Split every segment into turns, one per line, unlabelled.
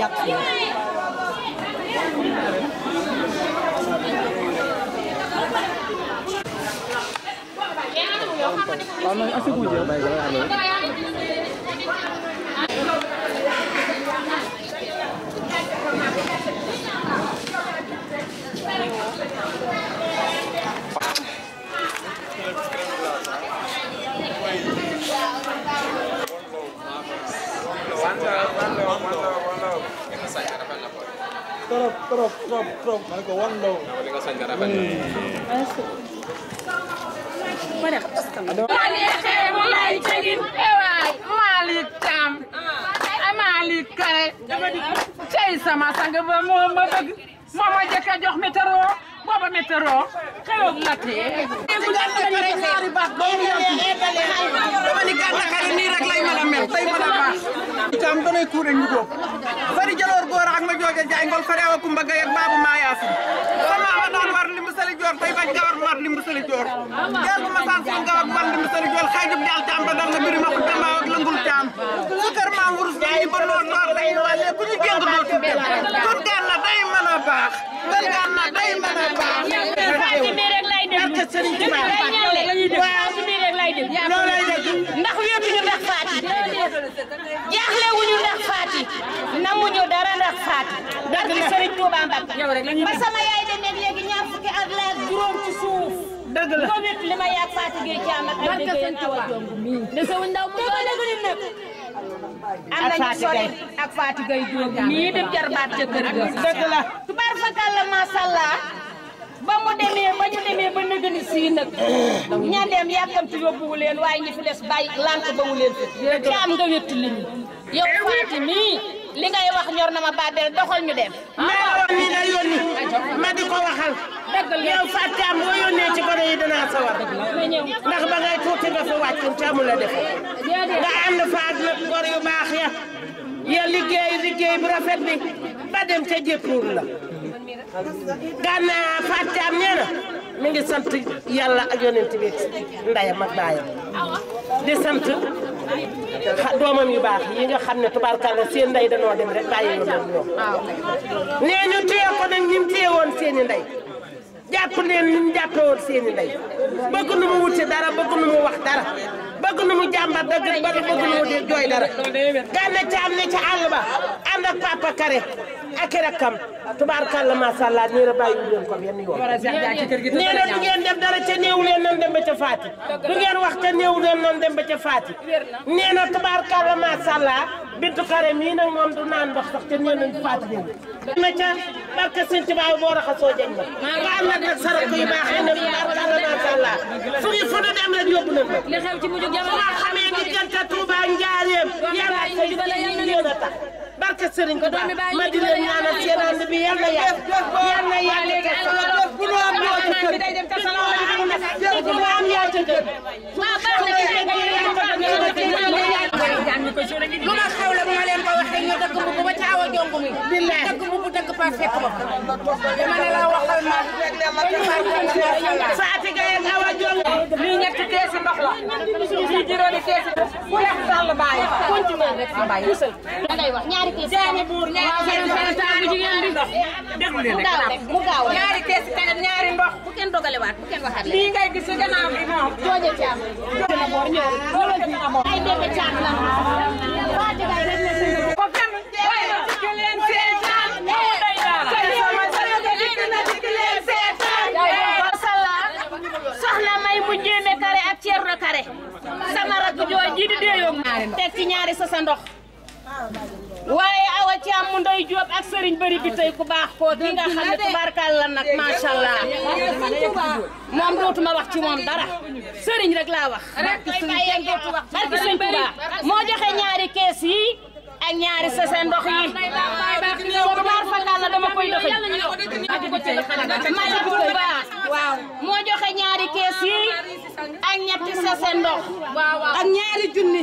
yàq suñu trop trop trop ma ne ko wan ndaw. li nga sañ nga rafet na. merci. ma ne xam sama sang ba moo ma bëgg moo ma jëkk a jox météo booba météo xew na tee. bu daan déglu rek ñaari baat boobu dama ni gànnaar nii rek lay mën a mel tey mën a baax. itam danay tuur rek ñu góob. ak ma jooja jaay ngol fa reewa kumba gay ak baabu maayaasin sama ma daan war limbu sali joor tay bañ gawar war limbu sali joor jeel bu ma saan suñu gaw ak war limbu sali joor xaajub jaal caam ba dal na biri ma xutta mbaaw ak lëngul caam su kër maam wurus jaay ba lool noor lay wàllee bu ñu jéng doo ci dem kon gaan na day mën a baax kon gaan na day mën a baax Fatimé rek lay dem Serigne Touba waaw Fatimé rek lay dem faati dëgg la Serigne Touba Mbacke yow rek la ñu ba sama yaay demee léegi ñaar fukki at la juróom ci suuf dëgg la ko wépp li ma ak ay dëgg Touba de sa ndaw mu do la gëni nak ak faati gay jóob nii dem jarbaat ca kër ga dëgg la tubaar fakal la masallah ba mu demee ba ñu demee ba nëgën sii nag ñandeem yàkkamti yóbbuwu leen waaye ñi fi des bàyyi lànk ba wu leen fi te am nga faati mii li ngay wax ñor na ma Babel doxal ñu dem. ah waaw la yónni ma di ko waxal. dëgg la yow Fatou Thiam boo yónnee ci gone yi danaa sawar. ndax ba ngay tuuti nga fa wàccul te amul a def. nga ànd fa ak nag gor yu ya. ya liggéey liggéey bu rafet bi ba dem ca jëppuur la. gànnaaw Fatou Thiam nee mi ngi sant yàlla ak yonent bi ndeyam ak baayam di sant. doomam yu baax yi nga xam ne tubaarkàlla seen ndey danoo dem rek bàyyi yoon ñoom ah, nee ñu téye ko nag ñim téye woon seen i ndey jàpp neen ñim jàppe woon seen i ndey bëgg nu mu wuti dara bëgg nu mu wax dara bëgg nu mu jàmbat dëgg bëgg bëgg nu mu di jooy dara gànna ca am na ca àll ba ànd ak papa kare ak rakkam tubaarkàlla macha allah nii la bàyyi ko benn yoon. nee dara ca néew leen dem ba ca Fatick. du wax ca néew leen dem ba ca Fatick. nee na tubaarkàlla macha bintu kare mii nag du naan ndox sax ca néew nañu Fatick leen. na dem rek yóbbu nañ ko. li xamee diggante Touba Njaareem. yàlla ak sa yéen a tax. barke sëriñ Tuba ma di leen ñaanal seen ànd bi yal na yàgg yal na yàgg te sax bu ñu am yaa ca kër bu ñu am yaa ca kër. lu ma xaw la bu ma leen ko waxee ñu dëkk bu ba caawa jong mi. billaay dëkk bu bu dëkk paa fekk ma. dama ne la waxal ma. Faati Gaye ak Awa Jong. lii ñetti keesi ndox la. lii juróomi keesi. ku lex sàll bàyyi. continué rek si bàyyi. lay wax ñaari kees. jaani buur ñaari kees kanam ñaari ndox bu kenn dogalewaat bu kenn waxaat lii ngay gis gannaaw bi moom. jooje caam. ay bébé caam la. ko kenn jëlee leen seetaan. soxna may mu jéeme kare ak ceerno kare sama rakk jooju di déeyoo. teg ci ñaari sa sa ndox. waaye awa Thiam mu ndoy Diop ak Serigne Bari bi tey ku baax koo ki nga xam ne tubaarkaal la nag macha moom dootuma wax ci moom dara Serigne rek laa wax. barki Serigne Touba moo joxe ñaari kees yi ak ñaari sase ndox yi tubaar fakkaal la dama moo joxe ñaari kees yi ak ñetti sase ndox ak ñaari junni.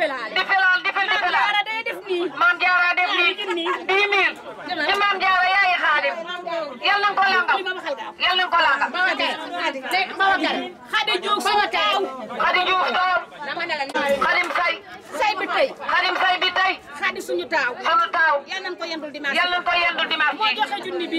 defelaale. defelaale defelaale. maam jaara day def nii. maam jaara def nii. 10 000. ci maam jaara yaayi xaadim. yal na ko làmbam yal na ko làmbam. Dek Babacar Khady Diouf sama taaw Khady Diouf taaw dama ne la Khadim Say Say bi tey Khadim Say bi tey Khady suñu taaw suñu taaw yal nañ ko yendul dimanche yal nañ ko yendul dimanche moo joxe junni bi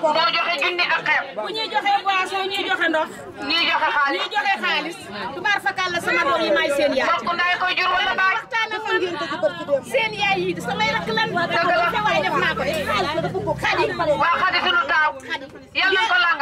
moo joxe junni ak xeeb bu ñuy joxe boisson ñuy joxe ndox ñuy joxe xaalis ñuy joxe xaalis tubaar fakal la sama doom yi may seen yaay bokk naa koy jur wala baay waxtaan ak ngeen ko ci barki dem seen yaay yi samay rak lan dëgg la waay def naa ko Khady waa Khady suñu taaw yal nañ ko lang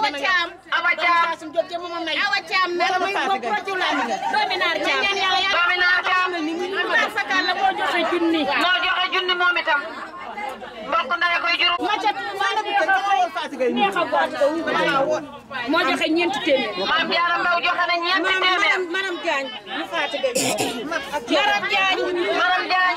awa caam awa caam awa caam na may bokk ko ci laam nga doomi naar caam doomi naar caam ndax sakal la moo joxe junni moo joxe junni moom itam mbokk ndey koy jur ma ca wala bu ko neex a boot moo joxe ñeenti téeméer maam jaara ndaw joxe na ñeenti téeméer maram jaañ maram jaañ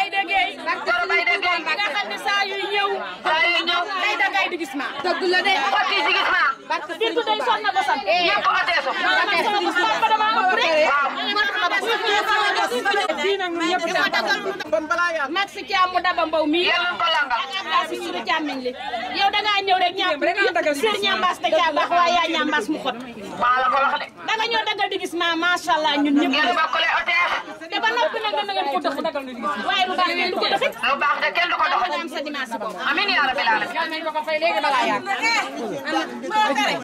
Baye Dégay docteur Baye Dégay nga xam ne saa yu ñëw saa yu ñëw day dangay di gis maa dëgg la day xoti di gis maa surtout eh. day sonn na ba sonn ñëpp ko teeso ba dama ëpp rek di nag ñu ñëpp bon balaa yaa max ci am mu daba mbaw mi yàlla ko langal ak ci suñu càmmiñ li yow da nga ñëw rek ñam rek nga dagal ci ñambaas te ca wax waaye yaa ñambaas mu xot maa la ko wax de dañoo dagal di gis naa macha ñun ñëpp. ngeen bokkule hôtel. na ngeen ko dox dagal di gis. waaye lu baax kenn du ko doxi. lu baax de kenn am sa dimanche